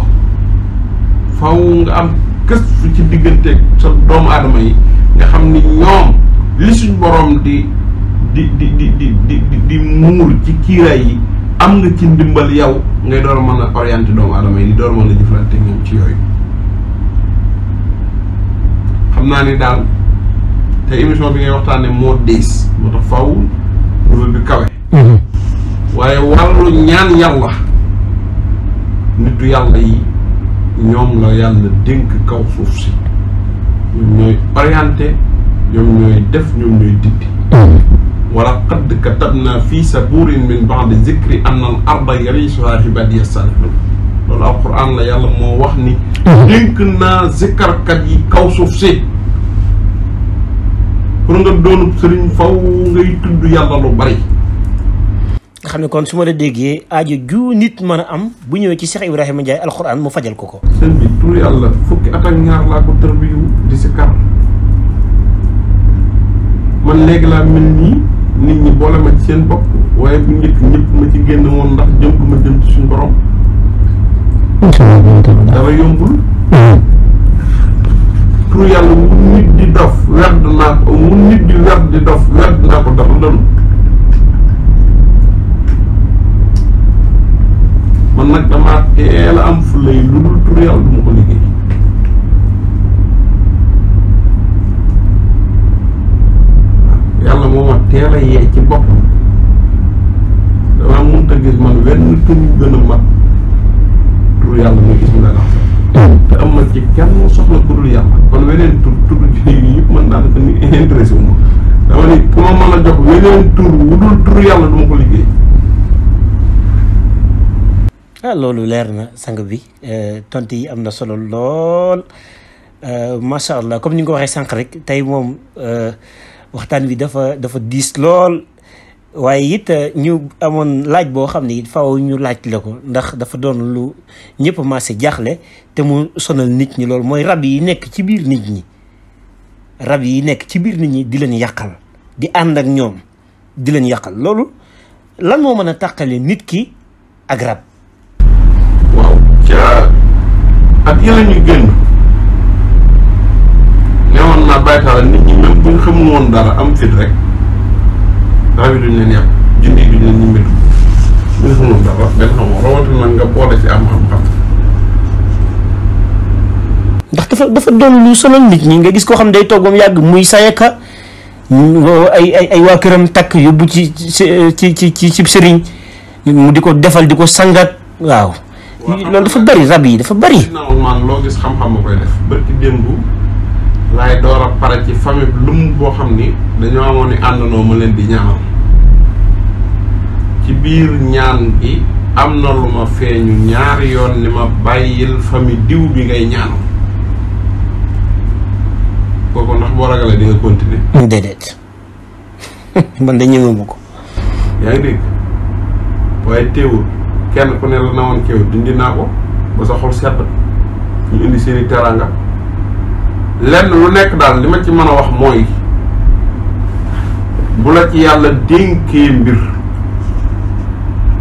C: faw nga am gëstu ci diggante sa doomu aadama yi nga xam ni ñoom li suñ boroom di di di di di di di muur ci kiiraay yi am na ci ndimbal yow ngay door a mën a orienté doomu aadama yi di door a mën a jëflante ñoom ci yooyu xam naa ni daal te émission bi ngay waxtaanee moo diis moo tax faw bi kawe mm-hmm. waaye wàllu ñaan yàlla nitu yàlla yi ñoom la yàlla dénk kaw suuf si ñoom ñooy orienté ñoom ñooy def ñoom ñooy dindi wala qad katabna fii sabuurin min ba'di zikri anna al arda yarisuha ibadiya salihun loolu alquran la yàlla moo wax ni dénk naa zikarkat yi kaw suuf si pour nga doonub sëriñ faw ngay tudd yàlla
B: lu bari nga xam ne kon su ma la déggee aajo ju nit mën a am bu ñëwee ci Cheikh Ibrahima Ndiaye alxuraan mu fajal ko ko. sëñ bi tur fukki at ak ñaar laa ko tërbiyu di si kar
C: man léegi laa mel nii nit ñi boole ma ci seen bopp waaye bu njëkk ñëpp ma
D: ci génn woon ndax jëm ma jëm ci suñu borom.
C: dara yombul.
D: tur mu nit di dof werd naa ko mu nit di werd di dof
C: werd naa ko dafa doon. man nag damaa teel a am fulla yi lu dul tur yàlla du ko liggéey yàlla moo ma teel yee ci bopp damaa mënut a gis man wenn tur gën a mat tur yàlla muy gis mu la te am na ci kenn soxla ku dul yàlla kon weneen tur tur yi yëpp man daanaka ni intéressé wu ma dama ni ku ma a jox weneen tur wu dul tur yàlla du ma ko liggéey
B: ah loolu leer na sang bi euh, tont yi am na solo lool euh, macha allah comme ni nga ko waxee sànq rek tey moom euh, waxtaan bi dafa dafa diis lool waaye it ñu amoon laaj boo xam ne it faw ñu laaj la ko ndax dafa doon lu ñëpp maase jaaxle te mu sonal nit ñi loolu mooy rab yi nekk ci biir nit ñi rab yi nekk ci biir nit ñi di leen yàqal di ànd ak ñoom di leen yàqal loolu lan moo mën a tàqale nit ki ak rab
C: waaw ca at yële ñu génn newoon naa baytaala nit ñi même bu ñu xamul woon dara am fit rek rab yi duñ leen yàq ñu mbir ñu
B: dafa dafa doon lu sonal nit ñi nga gis koo xam day toog ba mu muy sayaka ay ay takk yóbbu ci ci ci ci ci di ko defal di ko sangat waaw
C: loolu dafa bëri rab yi dafa bari non man loo gis xam-xam ma koy def barki démb laay door a pare ci famille lum boo xam ni dañoo amoon ni àndandoo ma leen di ñaanal ci biir ñaan gi am na lu ma feeñu ñaari yoon ni ma bàyyil famille diw bi ngay ñaanal kooku ndax boo ragalee di nga continuer.
B: déedéet <laughs> man de ñëwee ko.
C: yaa dégg waaye teewul. kenn ku ne la na woon kéew dindi naa ko ba sa xol sedd ñu indi seeni teraanga lenn lu nekk daal li ma ci mën a wax mooy bu la ci yàlla dénkee mbir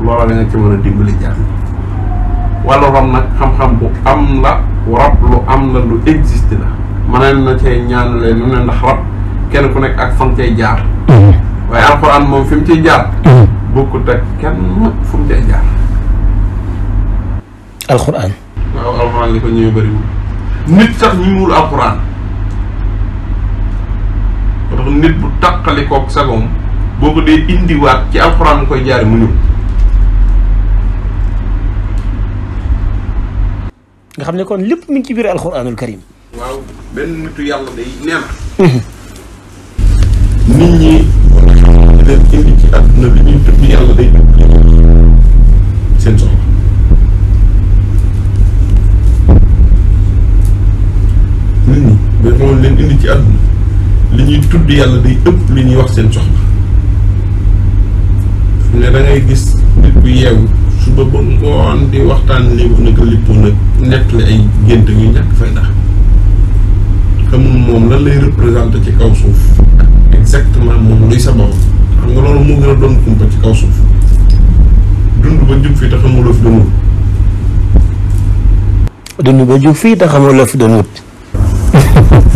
C: loola la nga ci mën a dimbali jaar wala rom nag xam-xam bu am la rab lu am la lu existe la mëneen na cay ñaanale nu ne ndax rab kenn ku nekk ak fan cay jaar
D: mm-hmm.
C: waaye alxuraan moom fi mu ciy jaar mm-hmm. bokkut ak kenn fu mu cay jaar alxuraan. waaw alxuraan li ko ñëwee bëriwul. nit sax ñu muul alxuraan. parce que nit bu taqali koog sagoom boo ko dee indiwaat ci alxuraan mu koy jaare mu ñëw.
B: nga xam ne kon lépp mi ngi ci biir alxuraanul karim. waaw benn
C: nitu yàlla day neena. Mhm. nit ñi
D: dañ indi ci àdduna li ñuy tudd yàlla day.
C: dañoo leen li ci àdduna li ñuy tudd yàlla day ëpp li ñuy wax seen soxla ne dangay gis nit bu yeewu suba ba ngoon di waxtaan li nag lippoo nag nekk ay gént yu ñàkk fay ndax xamul moom lan lay représenté ci kaw suuf exactement moom luy sababam xam nga loolu moo gën a doon kumpa ci kaw suuf dund ba jub fii te xamuloo fi doon wut dund ba jub fii te xamuloo fi doon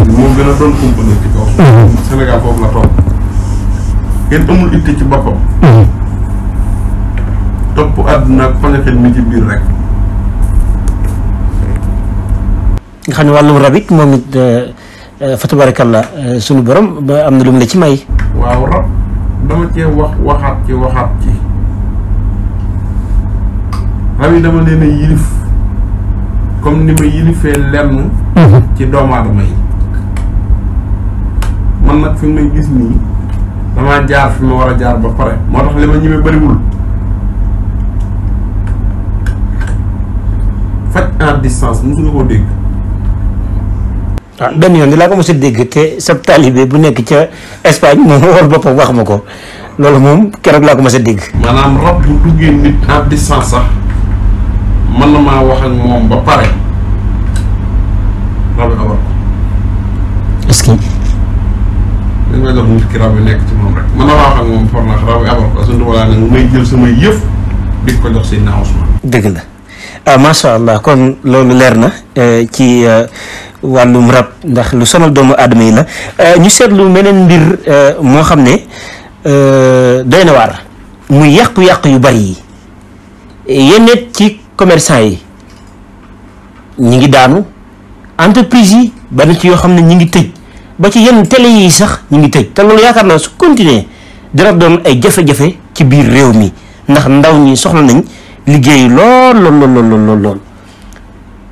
C: moo gën a doon kumpa ci kaw mhm. Sénégal foofu la toog kenn amul itte ci boppam mhm. topp àdduna ak pañaxel mi ci biir rek nga xam ne wàllum rab it moom it euh,
B: euh, fa tabarakallah euh, sunu borom ba am na lu mu la ci may
C: waaw rab dama cee wax waxaat ci waxaat ci rab yi dama leen yilif comme ni ma yilifee lenn mhm. ci doomu aadama yi man nag fi may gis nii damaa jaar fi ma war a jaar ba pare moo tax li ma ñemee bëriwul faj en distance mosu nga koo dégg. ah benn yoon di laa
B: ko mos a dégg te sab taalibe bu nekk ca Espagne moom <laughs> war boppam wax ma ko loolu moom keroog laa ko dégg.
C: maanaam rab bu duggee nit en distance sax mën na maa wax ak moom ba pare rab la war dañ may lab nit ki rab bi nekk ci moom rek mën a wax ak moom for na rab bi abal ko suñu wala nag may jël sama yëf naa Ousmane dëgg la
B: ah macha allah kon loolu leer na eh, ci eh, wàllum ndax lu sonal doomu aadama yi la eh, ñu seetlu meneen mbir moo xam ne doy na waar muy yàqu-yàqu yu bari yi yenn ci commerçant yi ñu ngi daanu entreprise yi bari ci yoo xam ne ñu ngi tëj ba ci yenn télé yi sax ñu ngi tëj te loolu yaakaar naa su continuer dina doon ay jafe-jafe ci biir réew mi ndax ndaw ñi soxla nañ liggéey lool lool lool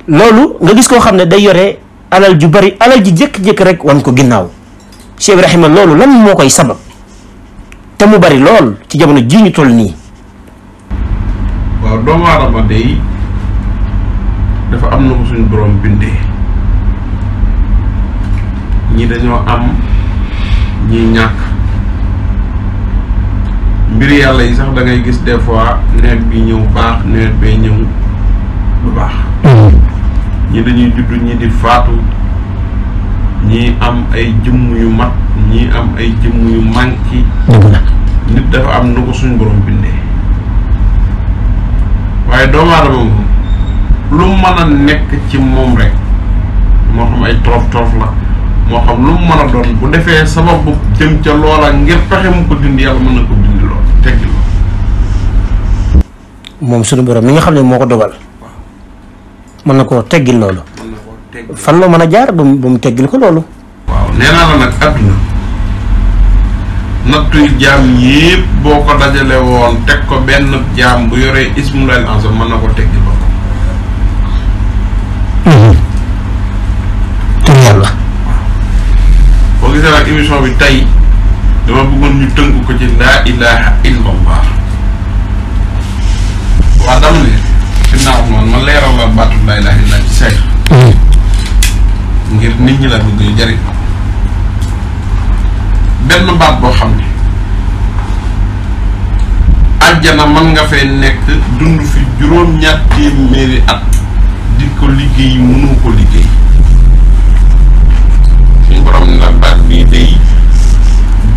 B: loolu nga gis koo xam ne day yore alal ju bari alal ji jékki-jékki rek wan ko ginnaaw Cheikh Ibrahima loolu lan moo koy sabab te mu bari lool
C: ci jamono ji ñu toll nii. waaw doomu aadama day dafa am na ko suñu borom bindee. ñi dañoo am ñi ñàkk mbir yàlla yi sax da gis des fois nawet bi ñëw baax nawet bee ñëw lu baax ñi dañuy judd ñi di faatu ñi am ay jëm yu mat ñi am ay jëmm yu manki nit dafa am nu ko suñ borom bindee waaye doomu moom lu mën a nekk ci moom rek moo xam ay torof torof la moo xam lu mu mën a doon bu defee sabab bu jëm ca loola ngir pexe mu ko dindi yàlla mën na ko dindi lool
A: teggil lool.
B: moom nga xam ne moo ko dogal. mën na koo teggil loolu. fan la mën a jaar ba mu teggil ko loolu.
C: waaw nee la nag àdduna nattu jaam yépp boo ko dajale woon teg ko benn jaam bu yoree ismu lay lancé mën na ko teggil loolu. seetaan émission bi tey dama bëggoon ñu tënk ko ci laa ilaha illallah waa dama ne dinaa wax noonu ma leeral la baatu laa ilaha illallah ci seex ngir nit ñi la bëgg ñu benn baat boo xam ne ajjana mën nga fay nekk dund fi juróom-ñaar téeméeri at di ko liggéey mënoo ko liggéey borom na baat bii day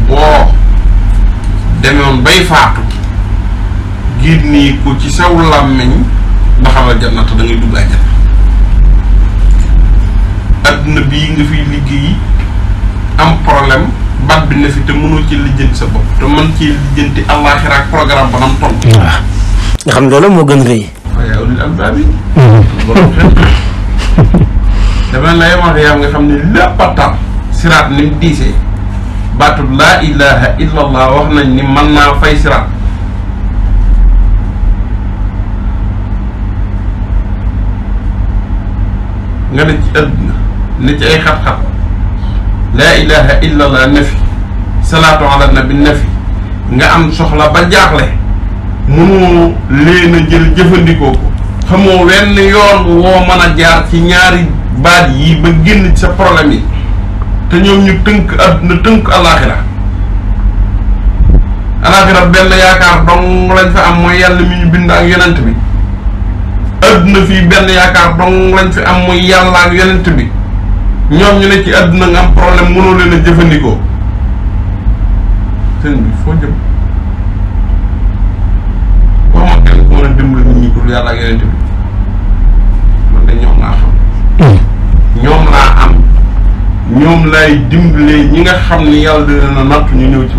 C: boo demoon bay faatu giir nii ku ci saw làmmiñ ba xamal jannata da ngay dugg àjjana adduna bii nga fiy liggéey am problème baat bi ne fi te mënoo ci lijjanti sa bopp te mën ci lijjanti àllaaxira ak programme ba nam toll waaw nga xam loolu moo gën rëy waaye ulil albaab
D: hmm. <laughs>
C: wax yaa nga xam ne lépp siraat ni mu diisee baatub laa ilaha illa wax nañ ni man naa fay siraat nga ne ci àdduna ne ci ay xat-xat laa ilaha illa allah fi salaatu ala nabi ne nga am soxla ba jaaxle mënoo leen a jël jëfandikoo ko xamoo wenn yoon woo mën a jaar ci ñaari baat yi ba génn ci sa problème yi te ñoom ñu tënk àdduna tënk alaaxira alaaxira benn yaakaar dong lañ fa am mooy yàlla mi ñu bind ak yonent bi àdduna fii benn yaakaar dong lañ fi am mooy yàlla ak yonent bi ñoom ñu ne ci àdduna nga am problème mënoo leen a jëfandikoo sëñ bi foo jëm hmm. ñoom laa am ñoom lay dimbalee ñi nga xam ne yàlla dina na nattu ñu ñëw ci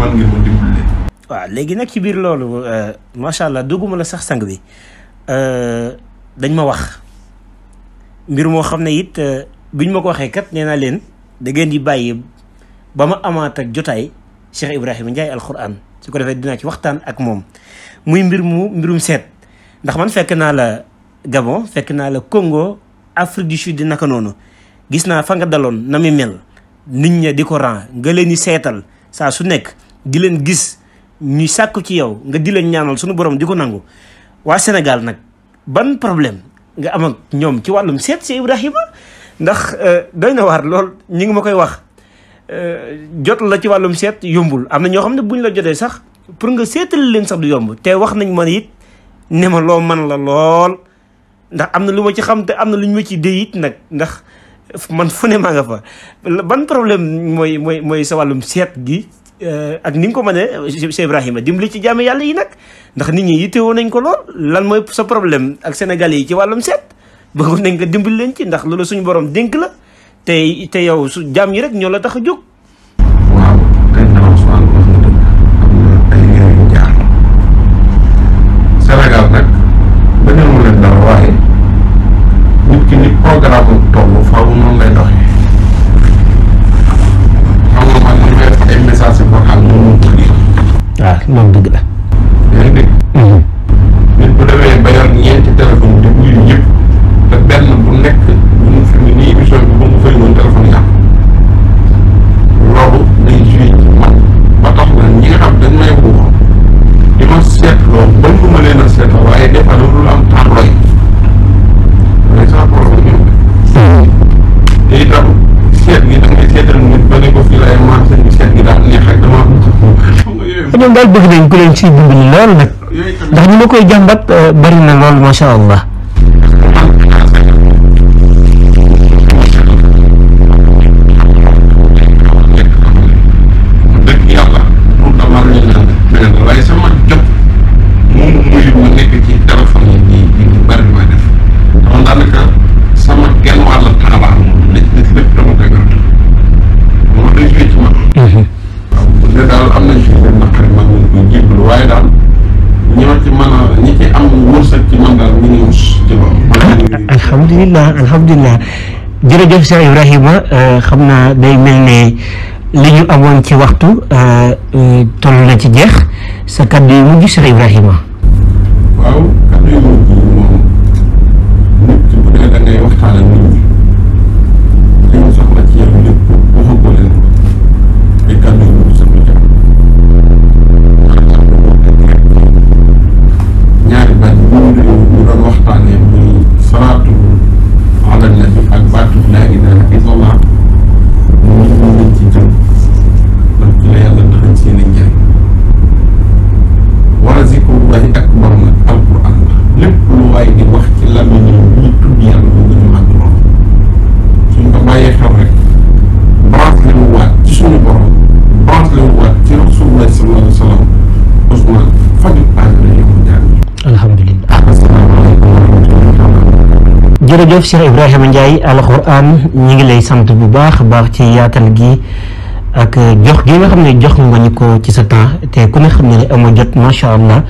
C: léegi nag
B: ci biir loolu euh, macha allah dugguma la sax sang bi euh, dañ ma wax mbir moo xam ne it euh, biñ ma ko waxee kat nee naa leen da ngeen di bàyyi ba ma amaat ak jotaay Cheikh Ibrahima Ndiaye alquran su ko defee dinaa ci waxtaan ak moom muy mbir mu mbirum seet ndax man fekk naa la Gabon fekk naa la Congo Afrique du Sud naka noonu. gis naa fa nga daloon na mi mel nit ña di ko ran nga leen di seetal saa su nekk di leen gis ñu sàkku ci yow nga di leen ñaanal suñu borom di ko nangu waa Sénégal nag ban problème nga am ak ñoom ci wàllum seet si Ibrahima ndax euh, doy na waar lool ñi ngi ma koy wax euh, jot la ci wàllum seet yombul am na ñoo xam ne buñ la jotee sax pour nga seetal leen sax du yomb te wax nañ man it ne ma loo man la lool ndax am na lu ma ci xam te am na lu ñu ma ci dee it nag ndax man fu ne maa nga fa ban problème mooy mooy sa wàllum seet gi euh, ak ni ko mënee Cheikh Ibrahima dimbali ci jaamu yàlla yi nag ndax nit ñi yittewoo nañ ko lool lan mooy sa problème ak Sénégalais yi ci wàllum seet bëggoon nañ dimbali leen ci ndax loolu suñu borom dénk la te te yow su jaam yi rek ñoo la tax a jóg.
C: waaye nit ki nit programme
D: ñoom daal bëgg nañ ku leen ciy dimbali lool nag ndax ñu ma koy jàmbat euh, bari na lool macha allah. bismillah alhamdulilah jërëjëf Cheikh Ibrahima euh, xam naa day mel ne li ñu amoon ci waxtu euh, euh, toll na ci jeex sa kàddu yu mujj Cheikh Ibrahima. jërëjëf Cheikh Ibrahima Ndiaye alxuraan ñi ngi lay sant bu baax baax ci yaatal gi ak jox gi nga xam ne jox nga ñu ko ci sa temps te ku ne xam ne amoo jot macha allah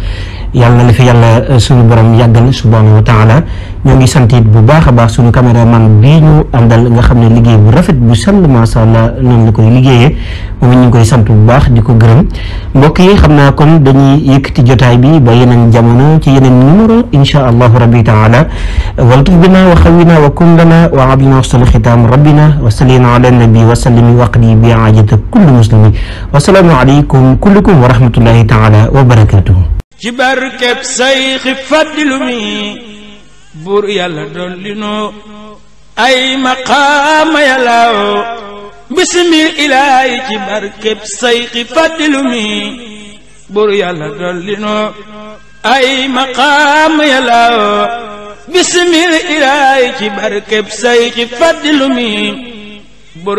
D: yàlla na la fi yàlla suñu borom yàggal subhanahu wa taala ñoo ngi sant bu baax a baax suñu caméraman bii ñu àndal nga xam ne liggéey bu rafet bu sell macha allah noonu la koy liggéeyee moom ñu ngi koy sant bu baax di ko gërëm mbokk yi xam naa kon dañuy yëkkati jotaay bi ba yeneen jamono ci yeneen numéro insha allahu rabbi taala waltuf bina wa na wa kun lana wa abdina wasal xitaam na wa salin ala nabi wa sallimi waqdi bi ajata kulli muslimi wasalaamu aleykum kullukum wa rahmatullahi taala wa barakatuhu
A: ci barkeb say xi faddilu a buur yàlla dolli noo ay maqaama yàllaaw bisimil barkeb sayxi fàddilu mi buur ay maqaama yàllaaw bisimil barkeb sayxi fàddilu mi buur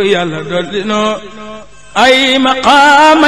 A: ay maqaama